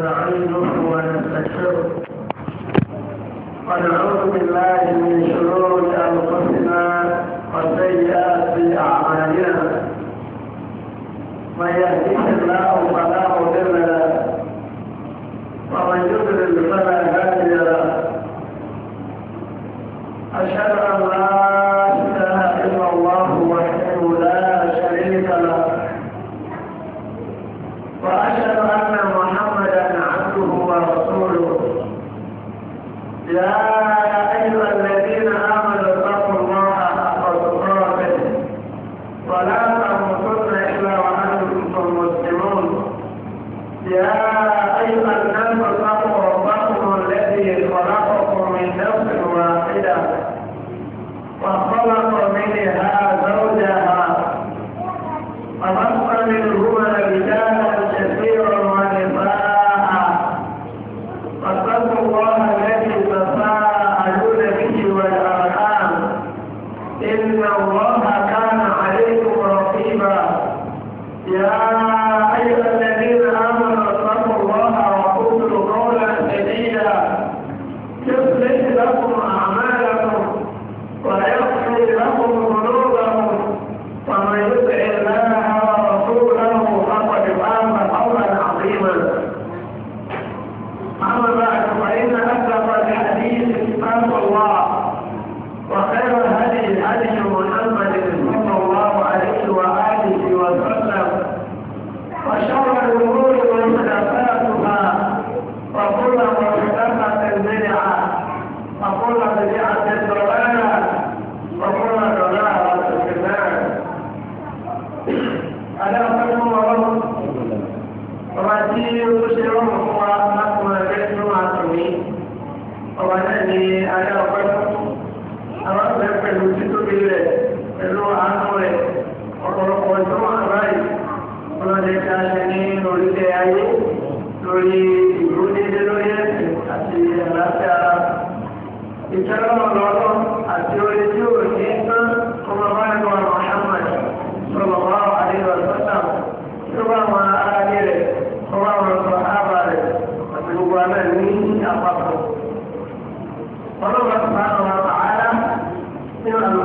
ونستعينه ونستغفره ونعوذ بالله من شرور انفسنا وسيئات اعمالنا من يهده الله فلا مضل له ومن يضلل فلا هادي له اشهد ان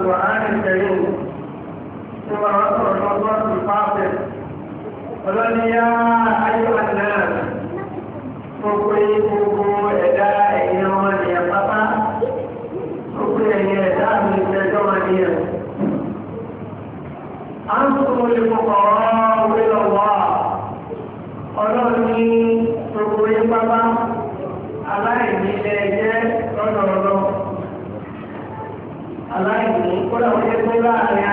القرآن الكريم ثم ذكر الله القاصر قال يا أيها الناس فقريبوا إلى يوم يقطع فقريبوا إلى من تجمع أنتم الفقراء gracias.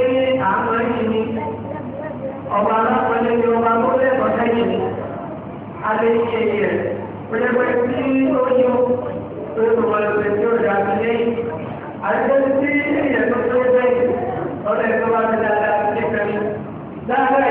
pé àmọ́ yìí ni ọba alákọ̀ọ́lẹ̀ ni ọba tó lẹ́kọ̀ọ́ sẹ́yìn ni alẹ́ yìí ẹ̀yẹ rẹ̀ pẹ̀lẹ́pẹ̀ tí ó yí o tó yẹ kó pẹ̀lẹ́pẹ̀ tí ó dà sí lẹ́yìn àti tí ẹ̀yẹ tó tó sẹ́yìn ọ̀dọ̀ ẹ̀ tó bá ti dáadáa sí kẹ́kẹ́ mi dáadáa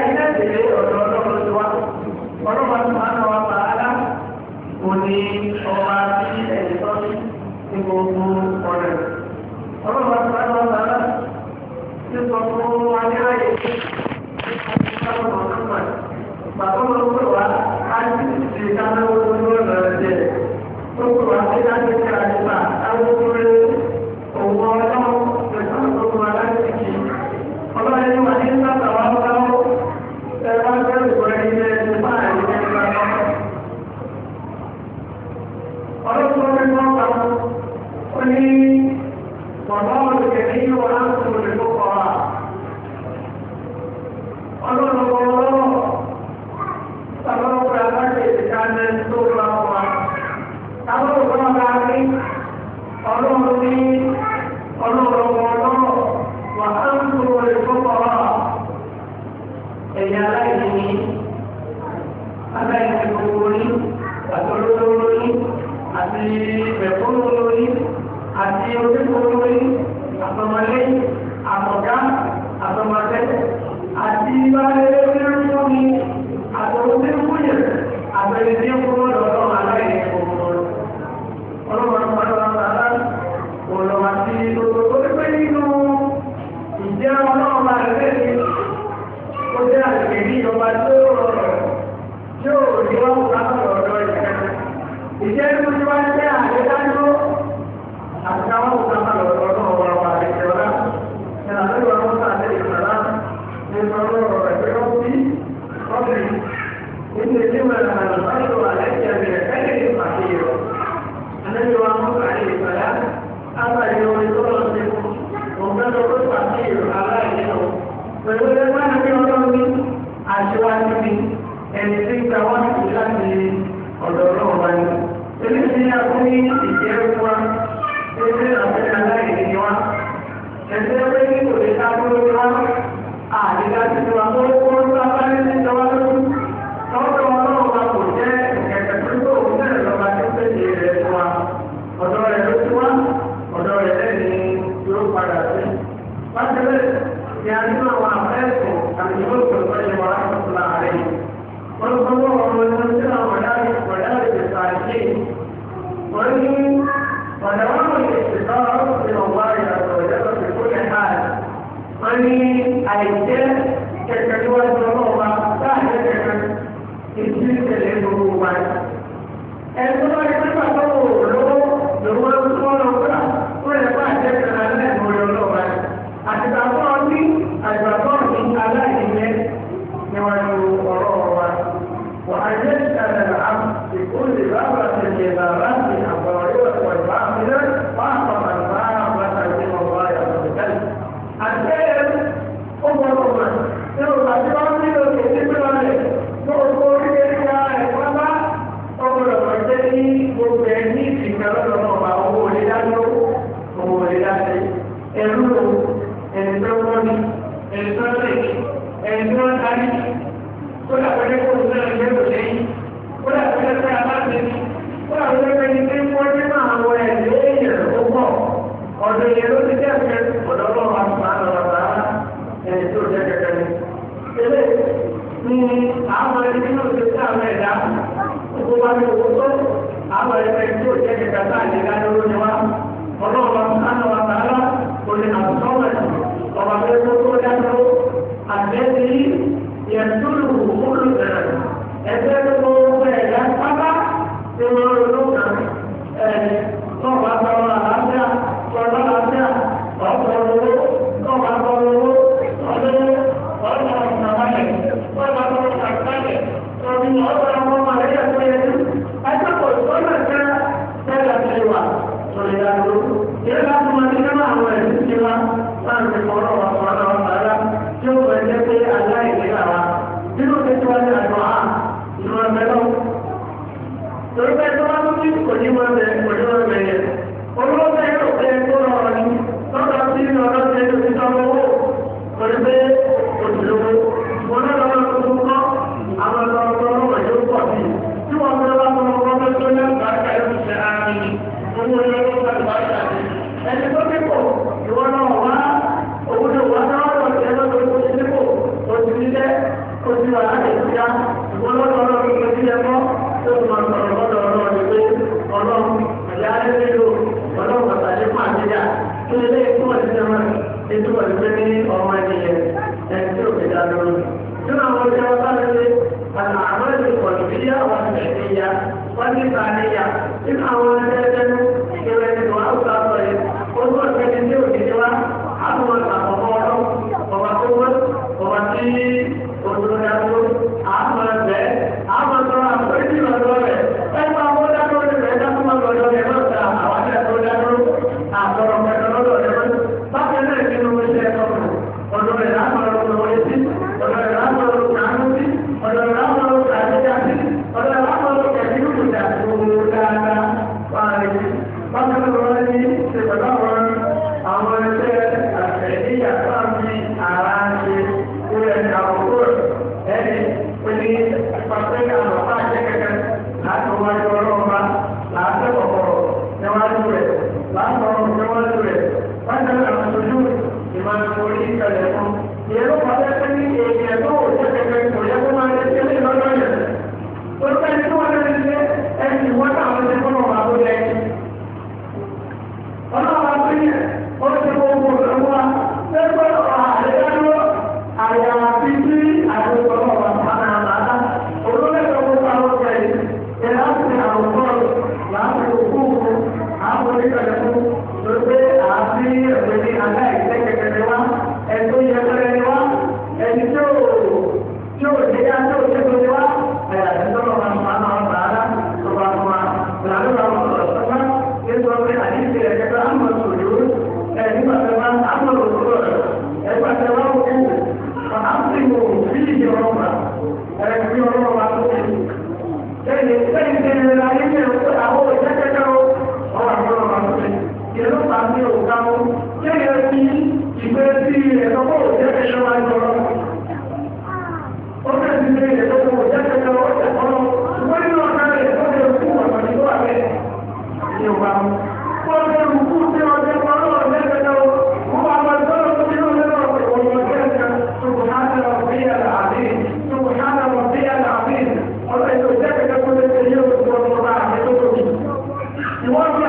wọ́n fi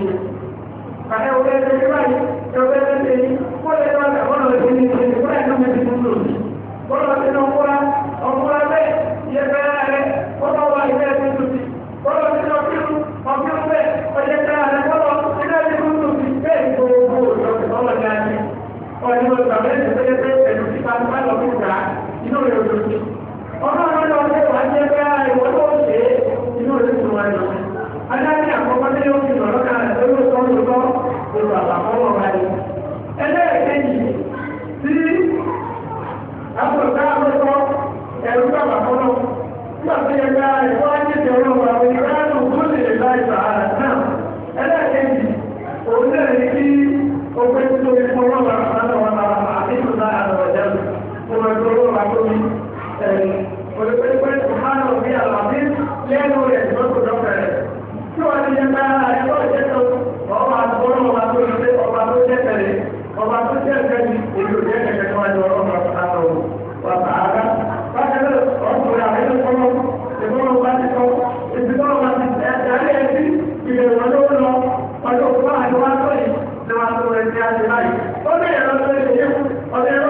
yìí kàdé wọlé ọdún ẹ̀rọ tó ń ṣe ọdún ẹ̀rọ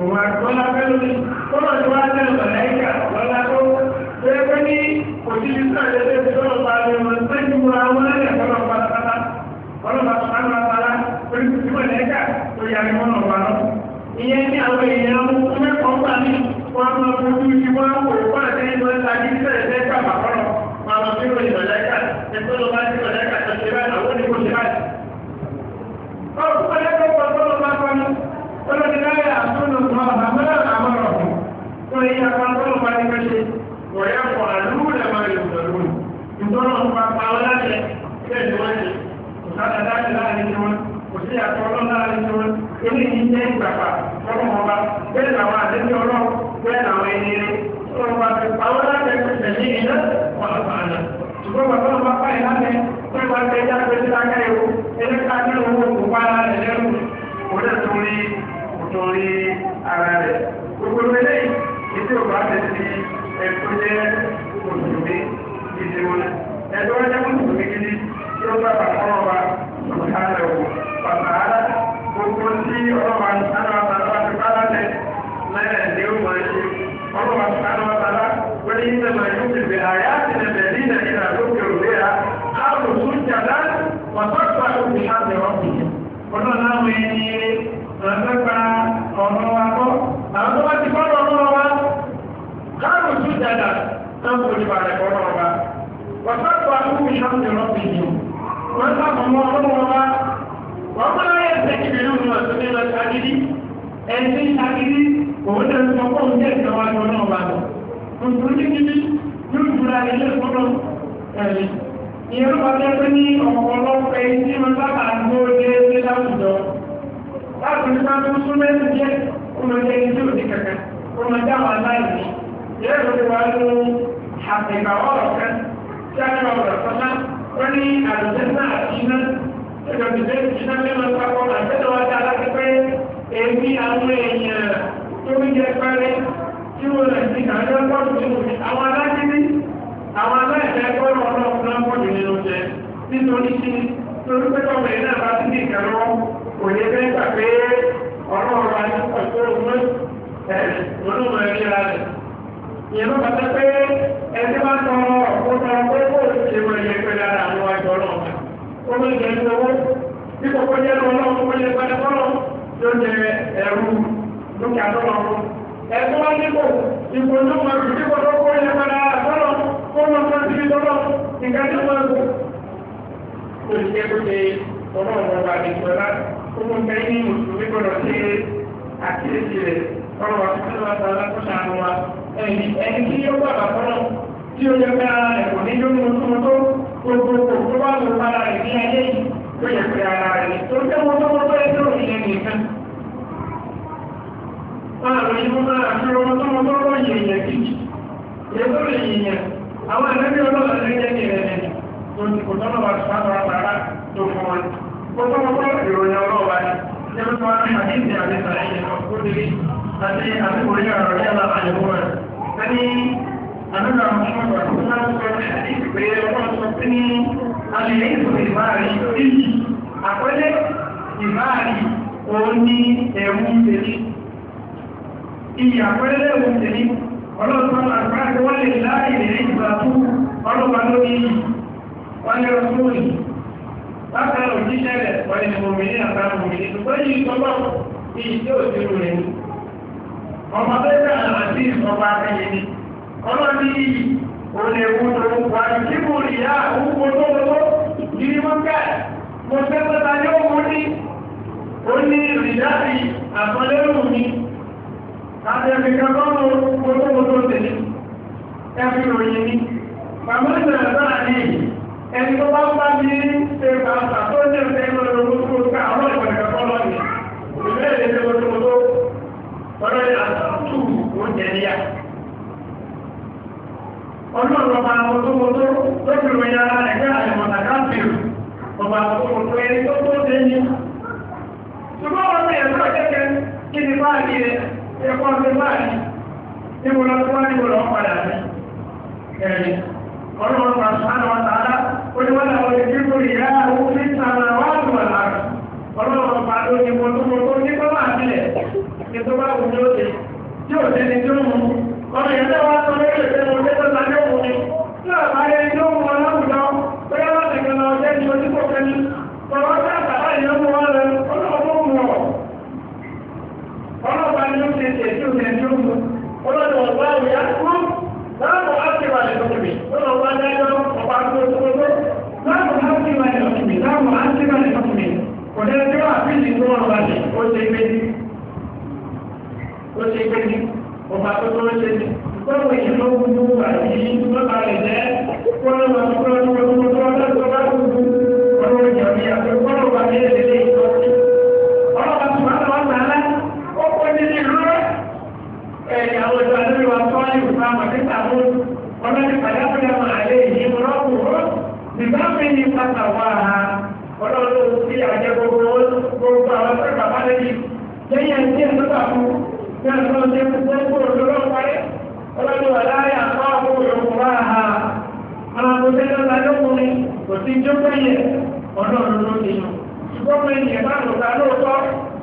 وما طلب الرزق ẹ̀dọ́ ọjọ́ mọ́tò méjì ní ẹni tí sakiri òun tẹ̀ sọ fún òun jẹ́ ìjọba tó náà bá lọ. Òṣèlú kíkiri yóò jura ilé ìfọ́nà ẹ̀mí. Ìyẹn ló bá jẹ́ pé ní ọ̀pọ̀lọpọ̀ ẹni tí wọ́n sábà ń gbó lé ní láwùjọ. Láti ní ká tó sún mẹ́rin jẹ́ ọmọdé ẹni tí ò ní kankan, ọmọdé àwọn aláìní. Ìyẹn ló ti wá ní àtẹ̀gbà ọ̀rọ̀ kan tí a ní ọ̀rọ̀ sọ́nà wọ́n ní àlùjẹ́ náà àti iná. Ẹ̀dọ̀ èmi àwọn èèyàn tó ń jẹ pẹ́rẹ́ tí wọ́n lè ti kàjọ pọ̀jù nínú mi àwọn alágídí àwọn aláìsẹ́ gbọ́dọ̀ ọlọ́run náà pọ̀jù nínú jẹ nítorí kí torí pé tọ́mọ yìí náà bá ti ní ìkà lọ kò ní fẹ́ gbà pé ọlọ́run wa ní ọ̀pọ̀ òun ẹ̀ lọ́nà máa rí ara rẹ̀ ìyẹn ló bàtà pé ẹni bá tọ ọ̀pọ̀ pé kó o ṣe wọ ìyẹn pé lára àwọn àjọ náà ó lè jẹ́ ìṣòwò bí kò kọjá lọ́wọ́ kó lè padà bọ́ tó jẹ ẹ̀rù lókè àtọ́lọ́run ẹ̀tọ́ wá nípò ipò tó mọ̀ sí pípọ̀ tó kó yẹ padà àtọ́lọ́ kó mọ̀ tó ti fi tọ́lọ́ nǹkan tó mọ̀ ẹ̀kọ́ tó ti jẹ́ kó ṣe tọ́lọ́ ọ̀rọ̀ bá ní ìpẹ́lá ó mú bẹ́ẹ̀ ní mùsùlùmí gbọ́dọ̀ ṣe àkíyèsí rẹ̀ ọ̀rọ̀ wà fún ọ̀rọ̀ àtàlá tó ṣàánú wa ẹni ẹni tí ó gbà bà tọ́lọ́ tí ó yẹ pé ara rẹ̀ kò ní lórí ohun tó gbogbo kò tó wà lórí ara rẹ̀ ní ayé yìí ó yẹ pé ara rẹ̀ tó tẹ́wọ́ tó wọ́n tó ẹ ìròyìn múná àti ohun tó mọ́ lọ́rọ̀ yìnyẹn kìí yẹ́tọ́ lè yìnyẹn àwọn ẹ̀lẹ́bí ọlọ́rọ̀ lè jẹ́ kìí rẹ̀ tó ti kò tọ́nà wà sábà rárá tó fún wọn kó tọ́nà kọ́ ìròyìn ọlọ́rọ̀ wa ni yẹ́tọ́ tó wá ní àdéhùn àti sàlẹ̀yìn ọkùnrin àti àbíkòrí ọ̀rọ̀ yàrá àyẹ̀wò rẹ̀ ẹni àdúrà mọ́ṣọ́gbà tó náà sọ àdéhùn pé ọlọ́run sọ pé ní alẹ́ ìfòrè ìbáàrí àpẹẹrẹ ìbáàrí òun ní ẹ̀wù tèmi ìyà pẹ́lẹ́ oúnjẹ ní ọlọ́pàá àgbáyé wọ́n lè láàyè lè ìgbà tó ọlọ́pàá lórí yìí wọ́n lè rọ́ lórí bákan òjíṣẹ́ rẹ̀ wọ́n lè mòmìnì àtàrà mòmìnì ṣùgbọ́n yìí tọ́gbọ́ ìyí tí ò dúró rẹ̀ ní ọmọ bẹ́ẹ̀ náà àti ìsọba akẹ́yẹ ni ọlọ́ni yìí olèwúdo wà ní kò rí yá òkú tó lọ́wọ́ yìí wọ́n kẹ́ mo fẹ́ pẹ́ta yóò mú ní ó ní ìrìndáàbí àtọ́lẹ́rù mi àti ẹ̀kẹ́kẹ́ lọ́rùn gbogbogbò tẹ̀lé ẹ̀fí òyìn ni màmá ìṣẹ̀lẹ̀ náà ní ẹni tó bá ń bá ní ṣe mọ̀ nípa mú ọlọ́ni pàdápàdámọ̀ àlẹ́ yìí rọ́pù rọ́ nìbámi ní pátá wà á ọlọ́run sí àjẹ gbogbo gbogbo àwọn tó bàbá lẹ́yìn lẹ́yìn àti ẹ̀sọ́ bà mú ní àtúntò ṣe gbogbo olóró parí ọlọ́ni wà láyé àpá àwọn òyìnbó wà á àwọn akọ̀tẹ́ lọ́la lókùnrin kò sí jókòó yẹ ọlọ́run ló ti yàn gbọ́mọ ènìyàn bá lọ́ta lóòótọ́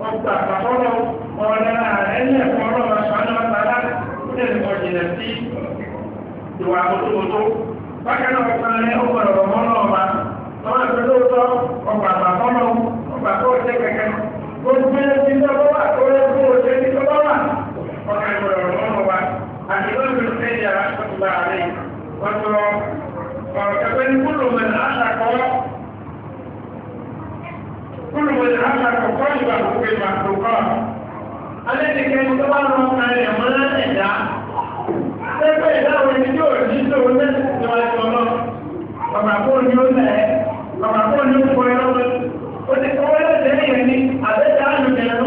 ọgbà àkọ́kọ́ ọ̀rẹ́ jìnà sí ìwà àmójúmójú bákan náà ọkùnrin rẹ ó gbọ́dọ̀ rọ mọ náà ma lọ́wọ́ ẹgbẹ́ tó tọ́ ọgbà àgbà mọ́nà ọgbà tó ṣe kẹ̀kẹ́ gbogbo ẹbí tó bọ́ wà tó yẹ kó o ṣe ní tó bọ́ wà ọkà ìgbọ̀dọ̀ rọ mọ́nà wa àti lọ́wọ́ ìgbẹ́ tó yẹ yàrá tó ti bá a rẹ̀ wọ́n tọ́ ọ̀rọ̀ kẹfẹ́ ní kúlù mẹ́ta àṣàkọ́ kúlù mẹ́ta kọ́ ìgbà ẹgbẹ́ ìdáwọn ẹni tí ò rí sí òun lẹ́sìn tí wọ́n ti ọlọ́ bàbá kó ní ó lẹ̀ ẹ́ bàbá kó ní ó fọ ẹ lọ́wọ́ ó ti kọ́ wọ́n lẹ́sẹ̀ yẹn ni àbẹ́ta àlùjẹ lọ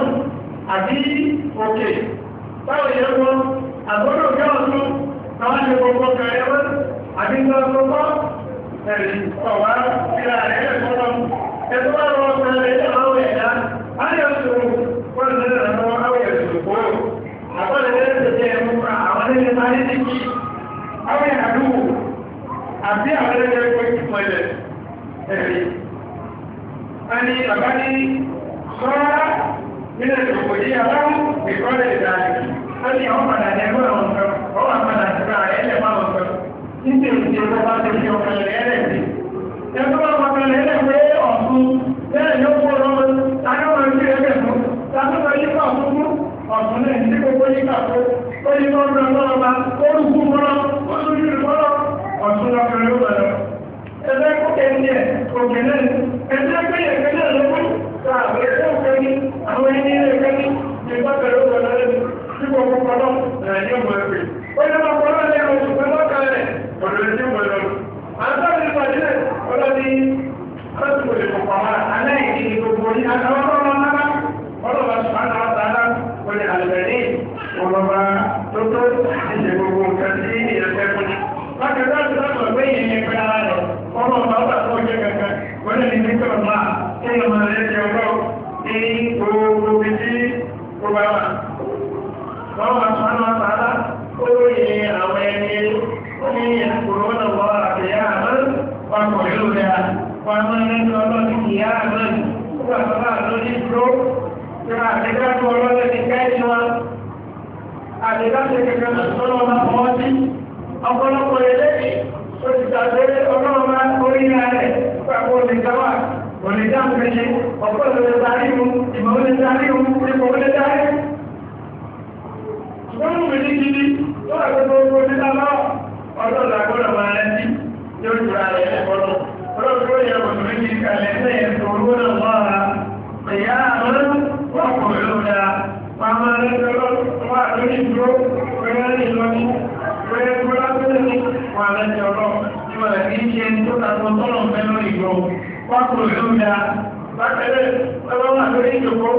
àbí òkè báwo yẹ kọ́ àgbọ̀dọ̀ kí ọ̀tún táwọn ṣe gbogbo kan ẹ wọ́n àbí ń lọ gbogbo ẹ̀rí ọ̀wá ìlà rẹ̀ ẹ̀ kọ́ ẹ̀tọ́ bá rọ ọ̀sẹ̀ rẹ̀ ẹ̀ máa ní ní kí àwọn ìrànlọ́wọ́ àbí àwọn ẹlẹ́gbẹ́ pé ìmọ̀ ilẹ̀ ẹ̀rí a ní bàbá ní sọ́ra nílẹ̀ ìdòkò yìí aláwọ̀ ìkọ́lẹ̀ ìdáyé ó ní àwọn padà ní ẹgbẹ́ àwọn nǹkan wọ́n wà padà sí ra ẹlẹ́ máa wọ̀ nǹkan níbi èdè ẹgbẹ́ bá ti fi ọ̀kan lẹ̀ ẹlẹ́ sí ẹgbẹ́ bá wà kan lẹ̀ ẹlẹ́ pé ọ̀tún bẹ́ẹ̀ ni ó kó lọ́wọ́ táyọ̀ máa ń gbé ẹgbẹ́ fún táyọ̀ máa yípa fún ọ̀tún náà ní gbogbo yípa fún lórí mọ́nà náà bá orúkú mọ́nà oṣooṣù mọ́nà ọ̀tún lọ́kàn ló bẹ̀rẹ̀ ẹgbẹ́ kókè ń jẹ òkè náà ẹgbẹ́ péye kẹ́lẹ́ lọ́wọ́ nítorí ọ̀la kí ló máa yẹ kí ọlọ́ ní gbogbo ibi tí ó bá wà. wọ́n wá sọ ọ́nà sàádà ó yẹ àwọn ẹni ó ní ìkòrò ọ̀nà wọ́n àbẹ̀yà àmọ́ wọn kò yóò dá wọn máa ń lẹ́nu ọlọ́ọ̀dún ìyá àmọ́ nígbà tó bá lórí dúró ìrọ̀ àtẹ̀kájú ọlọ́dẹ ti ká ẹ̀ṣọ́ wa àtẹ̀kájú kẹ̀kẹ́ lọ́sọ́nà ọba ọmọdé ọ̀pọ̀lọpọ̀ eléyìí ó ti tàbí ọlọ́ọ̀bá orí rẹ̀ pàpọ̀ olùdáwà olùdáǹkẹ́ṣe ọ̀pọ̀ olùdáríhun ìmọ̀ olùdáríhun ipò olùdárí ṣùgbọ́n mú mi ní gidi tó àgbẹ̀gbẹ̀ ogun onílàlá ọlọ́dà gbọ́dọ̀ máa rẹ̀ sí yóò jùra rẹ̀ lẹ́kọ̀ọ́lọ́ ọlọ́dúró yẹ òṣèré kiri kalẹ̀ lẹ́yìn tó owó náà wọ́ra ìyá àwọn wọ́n kò lóda máa máa rẹ̀ lọ́wọ́ àdúrí dúró pẹ̀lú ìlọ́ni pẹ̀lú ìlọ́ni wà lẹ́jọ́ lọ́wọ́ ìtumọ̀ rẹ̀ kì í ṣe tó tako tọ́lọ̀ fẹ́ lórí ìgbò wọ́n kò lù ú da bákẹ́lẹ́ ẹgbẹ́ wà lórí ìjòkó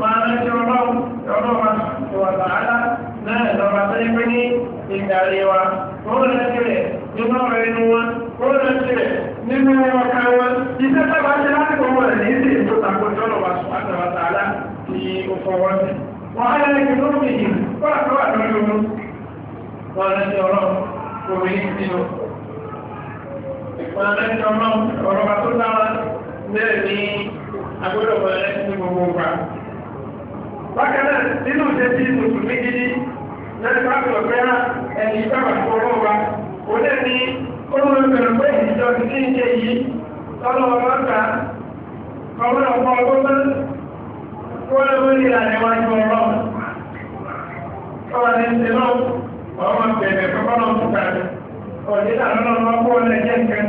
máa ń ṣe ọlọ́run ọlọ́run ìwà tààlà náà lọ́ba tó ń pín ní ìdarí wa kóòlù lẹ́sìrẹ̀ nínú ọ̀rọ̀ inú wọn kóòlù lẹ́sìrẹ̀ nínú ọkà wọn iṣẹ́ sábà ṣe láti kọ́ wọn ní ìsìn tó tako tọ́lọ̀ wa sùpàtà wa tààlà ti fọwọ́ sí. wọ́n á yẹ kí lóògùn yìí kó àtọ́wà lórí omi. wọ́n lẹ́sìn ọ̀nà ẹni ọ̀nà ọ̀rọ̀ bá tó dára bẹ́ẹ̀ ni agbọ́dọ̀ wọ̀ ẹ́ ní gbogbo wa. bákan náà nínú ìṣesí mùsùlùmí gidi náà bá tó ọ̀fẹ́ rà ẹni sábà fún ọwọ́ wa ó lé ní olùrẹ̀mẹ̀rẹ̀ pé ìjọ ti ti ń ṣe yìí lọ́nà ọ̀rọ̀ ta ọ̀rọ̀ ọ̀pọ̀ ọgbọ́n kó lọ́wọ́ ní ìlànà ìwájú ọ̀rọ̀ ọ̀rọ̀ ní ìṣe náà ọ̀rọ̀ bẹ̀rẹ̀ kọ́kọ́ náà fún kàdé ọ̀dẹ́ta lọ́nà ọ̀pọ̀ ọ̀lẹ́jẹ̀ nǹkan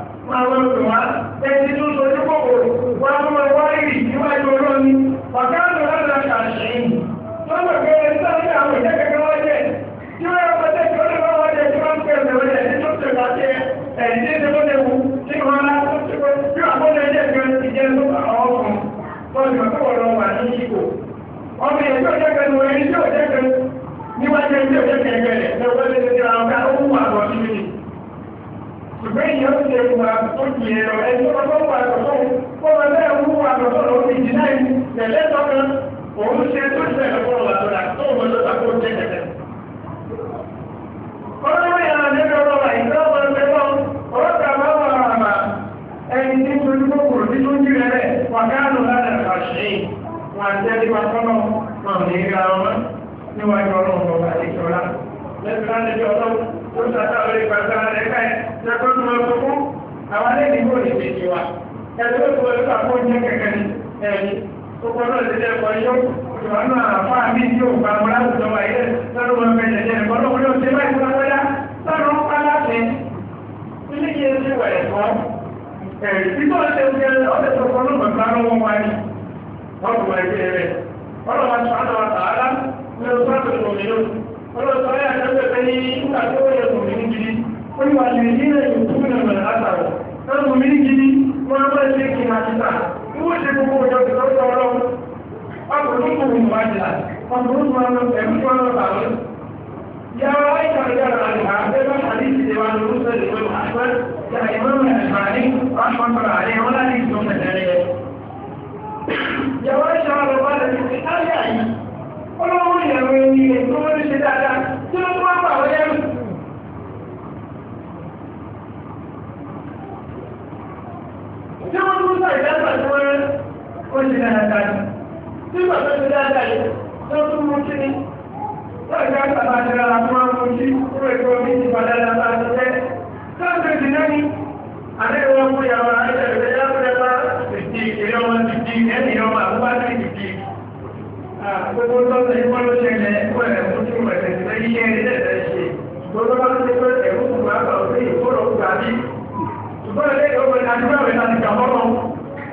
máa wọ́n lò wá ẹni tó sọ ní kòkò wá mú ẹ wá rì níwájú olómi ọ̀gá àgbà lọ́dọ̀ àṣà ṣẹ́yìn lọ́dọ̀ pé ẹni tó ń ṣe àwọn ìjẹ́ kẹ̀kẹ́ wọ́n jẹ́ tí wọ́n yọ pẹ́tẹ́ tí wọ́n lè wọ́n jẹ́ tí wọ́n ń pẹ̀lú ẹ̀jẹ̀ tó tẹ̀lé bí wọ́n ṣe gbogbo ọjọ́ ti lọ́jọ́ ọlọ́run ọkùnrin tó kù wù wájú là ọkùnrin tó wọn ẹ̀mí tó wọn bà wọn. yàrá àìsàn yàrá àlùhà bẹ́ẹ̀ bá àdìsí ìwà lórí sẹ́lẹ̀ pé àgbẹ̀ yàrá ìmọ̀ràn àìsàn ọ̀ṣọ́ṣọ́ra àlẹ́ wọn láti ìtàn tẹ̀lé yàrá àìsàn àlùhà lẹ́yìn ti káyà yìí ọlọ́run ìyàwó nígbà ìdájọ́ tí wọ́n wọ́n ṣe dáadáa ni nígbà tó ṣe dáadáa yìí tó tún mú kí ni wọ́n ìgbà bàbá àjẹrà làwọn máa ń mú kí kúrò ètò omi ti padà làbá ti jẹ́ káàkiri ti náà ni àlẹ́ wọn mú yàrá ẹ̀jẹ̀ rẹ̀ yàtọ̀lẹ́pá ìdí ìkéré ọmọ ìdí ẹ̀mí ọmọ àbúbá ti ìdí gbogbo tọ́sí ìwọ́n ló ṣẹlẹ̀ ẹ̀kọ́ ẹ̀ fún tí wọ́n ẹ̀sẹ̀ fẹ́ yíyẹ ilé ẹ̀ ṣe gbogbo bá ti pé ẹ̀rú kùn bá bá òfin ìfọ́rọ̀ gbà bí ṣùgbọ́n ilé ìwọ́n àti báwọn ìlànà ìgbà mọ́rọ̀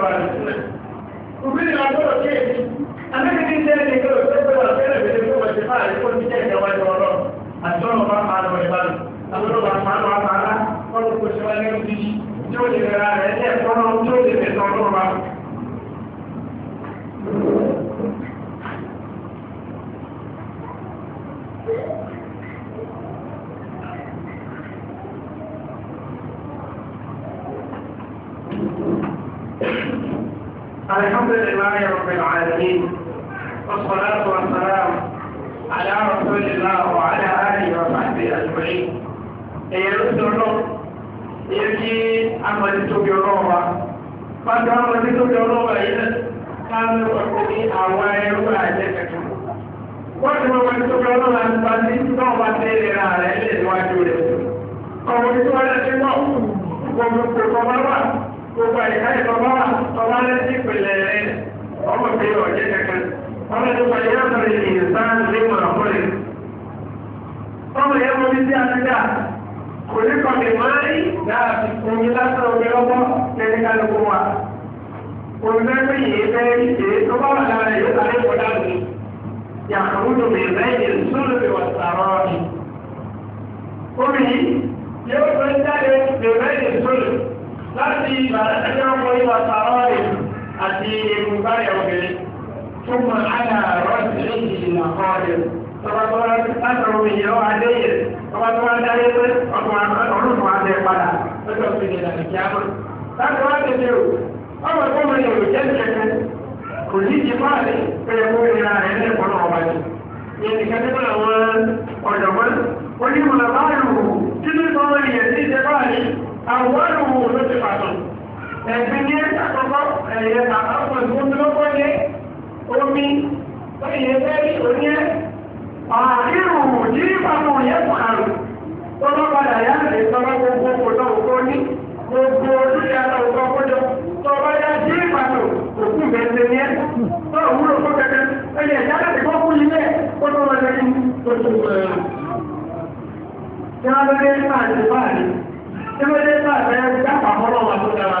sallallahu alaihi wasallam ubiri na gbọ́dọ̀ ke anabi ni tẹ ẹni gbọ́dọ̀ tẹ gbọ́dọ̀ tẹ ẹni gbọ́dọ̀ tẹ ọsẹ fáàlì kó ní tẹ ẹni wájú ọ̀rọ̀ àti ọ̀rọ̀ bá máa lọ ìbálò àbúrò bá máa lọ àbára ọ̀rọ̀ kò ṣe wá ní ojú yìí tí ó lè rà rẹ ní ẹ̀kọ́ náà ó الحمد لله رب العالمين والصلاة والسلام على رسول الله وعلى آله وصحبه أجمعين èyí ló sọ lọ èyí kí amọ̀tìtòbi ọlọ́wọ́ wa pàtó amọ̀tìtòbi ọlọ́wọ́ yìí láàmú ọ̀pọ̀ ní àwọn ẹrú àjẹ́ kẹtù wọ́n ti mọ amọ̀tìtòbi ọlọ́wọ́ àti pàtó náà wá sí ilé rà rẹ̀ lè níwájú rẹ̀ ọmọ tí wọ́n lè fi wọ́n kú gbogbo kò kọ́ wá wà gbogbo àyíká ìtọ́gbà ọba lẹ́sí ìpìlẹ̀ rẹ̀ ọmọ pé ọ̀jẹ́ kankan ọmọ ìjọba ìyá ọ̀sán ìyìn sáà lé mọ̀ ọ̀pọ̀lẹ̀ ọmọ ìyá mọ̀ ní sí àtúndà kò ní kọ̀ lè máa rí dáa fi omi lásán omi lọ́wọ́ lẹ́ni kálukú wa omi bẹ́ẹ̀ pé yìí bẹ́ẹ̀ rí tó bá wà lára yóò sáré kọ́ dàbí yàtọ̀wúdò bẹ̀rẹ̀ ìsúlùmí wà sàrọ̀ ni omi yìí yóò tó ń láti ìgbàlẹ́sẹ̀ ọkọ̀ ìwà sàárọ̀ rẹ̀ àti egun báyọ̀ obìnrin tó mọ àyà rọ́ọ̀sì lẹ́yìn ìnàkọ́ rẹ̀ tọ́wọ́tọ́wọ́ látọ̀rọ̀ mi yẹ̀wò adéyẹ tọ́wọ́tọ́wọ́ adáyé pé ọlọ́run adé padà lọ́jọ́ fi lè dàbí kíámọ́. láti wá tètè o ọmọ tó mọ jẹ́ kẹ̀kẹ́ kò ní ti ẹ̀gbin ní ẹ̀ka kọ́kọ́ ẹ̀yẹ àkọ́kọ́ ìfúnnilọ́kọ́ yẹ omi ẹ̀yẹ fẹ́rí oníyẹ àdírù ní ìpamọ́ yẹ pààrọ̀ tọ́lọ́ padà yá lè tọ́lọ́ gbogbo òkòtọ́ òkò ní gbogbo olùdí àtàwùkọ́ kójọ tọ́lọ́ yá dí ìpamọ́ òkú bẹ̀rẹ̀ ní ẹ̀ tọ́lọ́ wúlò fún kẹ́kẹ́ ẹ̀yẹ ìyá láti kọ́ fún ilé kó tó wọn lẹ́yìn tó tó wọn. Tí wọ́n lé ní pàṣẹ pàṣẹ, tí wọ́n lé pàṣẹ dápà mọ́lọ́wọ́ tó dára.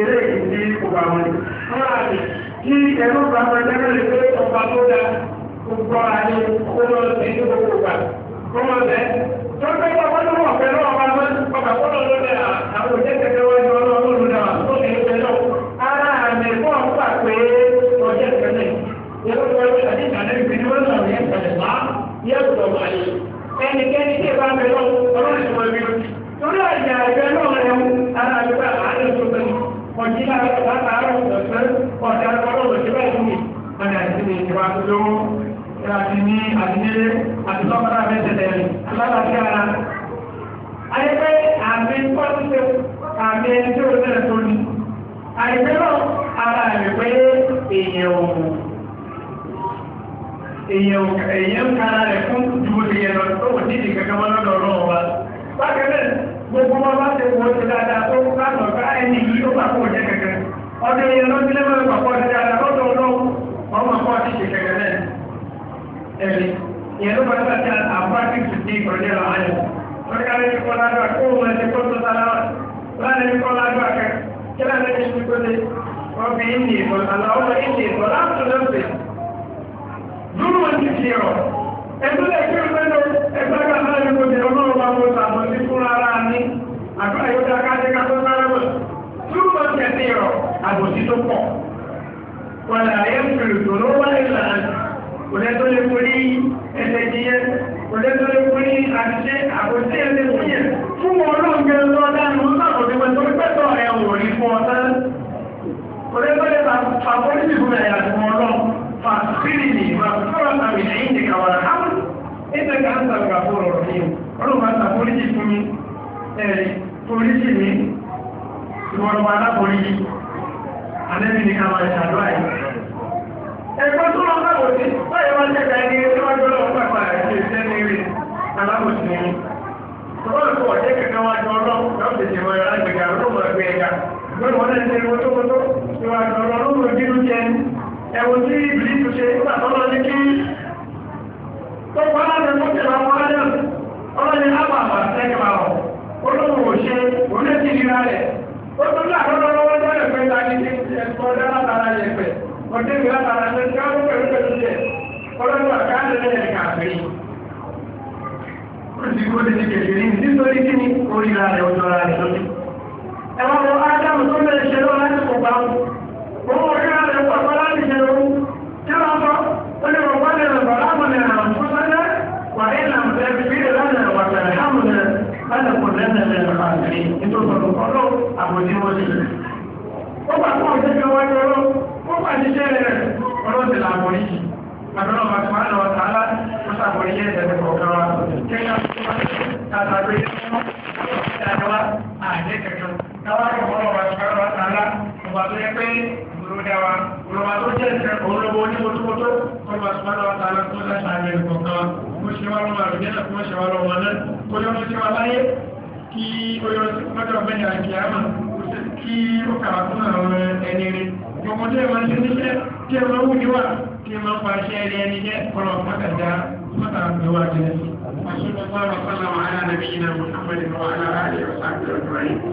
eré ìdí ọba wọn. Máa rẹ̀ kí ẹ̀rọ bá wọn dáná lè pé ọba tó da gbogbo àlè owó ọ̀sẹ̀ ní gbogbo ọba. Wọ́n mọ̀ bẹ́ẹ̀. Tọ́jú ẹgbẹ́ wọn lọ́wọ́ ọ̀fẹ́ náà wá mọ́ ọba kọ́lọ̀ lọ́dẹ̀ àwọn òjẹ́kẹ̀kẹ́ wọn ni wọn lọ́wọ́ lọ́dẹ̀ àwọn tó kéré pẹ̀lú. Ara àmì fún ọ̀pá pé ọjọ́ ìkẹlẹ̀. Yẹ́rọ wọn ṣàdíjà lẹ́yìn pé wọ́n lọ́wọ́ yẹn pẹ̀lẹ̀ àmì ẹni tó lọ náà tó ní àìpẹ́lọ́ ara rẹ̀ pé èèyàn ò èèyàn kára rẹ̀ fún ju èèyàn lọ tó wò nídìí kankan wọn lọ́dọ̀ ọlọ́run wa bákan náà gbogbo wọn bá ṣe wọ́n ti dáadáa tó kásọ̀ ká ẹni yìí ó bà kó jẹ́ kankan ọdún èèyàn lọ sílẹ̀ mọ́ ìpàpọ̀ ti dáadáa lọ́dọ̀ ọlọ́run wọn mọ̀ pọ̀ ti ṣe kankan náà ẹ̀rí ìyẹn ló bá gbà tí àbúrò àti ìtùtù ìkọ̀ọ́dẹ́ lọ́wọ́ láàrin ẹni kọ́ lájú àkẹ́ kí láàrin ẹni ṣe kó lé wọ́n fi ìní ìbọn àlàó ìní ìbọn láti lọ́sẹ̀ dúró ti fi ọ̀ ẹgbẹ́ lẹ́gbẹ́ ìgbẹ́lẹ́ ẹgbẹ́ àgbà náà ní kò ní ọlọ́run wa mo tàbọ̀ sí fúnra ara ní àgbà yóò dá kájẹ́ ká tó sáré wọ̀ dúró ti fi ọ̀ àbòsí tó pọ̀ wọn là yẹ fìlù tó ló wáyé lànà kò lẹ́ tó lè forí ẹsẹ̀ jìyẹ kò lẹ́ tó lè forí àṣìṣe àbòsí ẹsẹ̀ jìyẹ fún ọlọ́run gẹ́gẹ́ fàbọ́lẹ́sì fún ẹ̀yà tó wọn lọ fàṣírì ní fàṣírì àmì ẹ̀yìn ní kàwàrà hàmù ẹ̀jẹ̀ ká ń sàgbà fún ọ̀rọ̀ mi o ọlọ́wọ́ àtàkùnrin fún mi ẹ̀rí polisi ní ìwọ̀nba alákòóyí àlẹ́bí ní ká máa ṣàdúrà yìí ẹgbẹ́ tó lọ sábò sí báyìí wọ́n ṣẹ̀dá ẹni tí wọ́n jọ lọ́wọ́ pàpà àti ìṣẹ́ni rí alábòsí ni ọlọ́run kò wọ́n jẹ́ kẹ̀kẹ́ wájú ọlọ́run lọ́sẹ̀ṣẹ̀ wọ́n yọ lórí wọn lẹ́nu ẹwọ tó kótó ìwà ìrọ̀rọ̀ lóòrò dínú jẹ ẹwọ tí ìbílí tó ṣe nígbà tó lọ ní kí tó pa láti ẹkọ tẹ lọ wọn lẹ́nu ọlọ́ ní ábà àbà lẹ́kẹ̀ máa wọ̀ ó lóun ò ṣe òun lè ti ríra rẹ̀ ó tún ní àkọ́kọ́ lọ́wọ́ lọ́rẹ̀ pé ta ni ẹ̀kọ́ ọdẹ látara yẹ pẹ̀ ọdẹ mi látara pé ká ló pẹ̀lú pẹ̀lú jẹ ọlọ́dún àkáàlẹ̀ lẹ́yìn kàfẹ́ yìí ó ti kó ti ẹ̀wọ̀n mọ ádámù tó bẹ̀rẹ̀ ṣe lọ́wọ́ láti kò gbà wọn. Owó orí rẹ̀ wọ̀ pọ̀ láti ṣe lọ́wọ́. Kí wọ́n sọ, ó ní wọ́n wọ́n lẹ́nu bàbá àmọ̀ ní àwọn tó sáré wà ní ìlànà ẹ̀ fi bí ìlànà wà bẹ̀rẹ̀ hàmù ní láti kò lẹ́nu ẹ̀ lọ́wọ́ àti nítorí ọ̀dọ̀ àbòjì wọn sí. Ó gbà fún òṣèlú wọn ní ọlọ́ ó gbà ṣiṣẹ́ rẹ̀ ọlọ́sẹ̀ làbọ̀rí yìí. Àbẹ̀rẹ̀ ọ̀gá tó máa ń lọ sàálà ó sàbọ̀rí yẹ́ ẹ̀ẹ́dẹ̀ kọ̀ọ̀kan wa. Kẹ́yìn àti tó máa ń tàbí ẹ̀ẹ́dẹ̀ wọn, ó sọ̀rọ̀ sí àjọwá eu táwa ní ìfọwọ́ wa ṣùgbọ́n wa sàlá ọba tó yẹ pé ìgbòho dá wa olùwà tó jẹ́ ìṣẹ́ olówó onímọ̀tòmọ́tò ọba ṣùgbọ́n wa sàlá tó lẹ́sà ayé kọ̀ọ̀kan kó ṣe wá lọ́wọ́ àrùn yẹn kó ṣe wá lọ́wọ́ náà kó yọ ṣe wá láyé kí ó yọ mọ́tò ọ̀gbẹ́ni àkìyàmà kí ó kàwá fún àwọn ẹni rí gbogbo tí ẹ máa ń ṣe níṣẹ́ tí ẹ máa ń wù níwà tí ẹ máa ń pa iṣẹ́ ẹni ẹni jẹ́ kọ́lọ̀ mọ́tàdá mọ́tàdá wà jẹ́ وصلى الله وسلم على نبينا محمد وعلى اله وصحبه اجمعين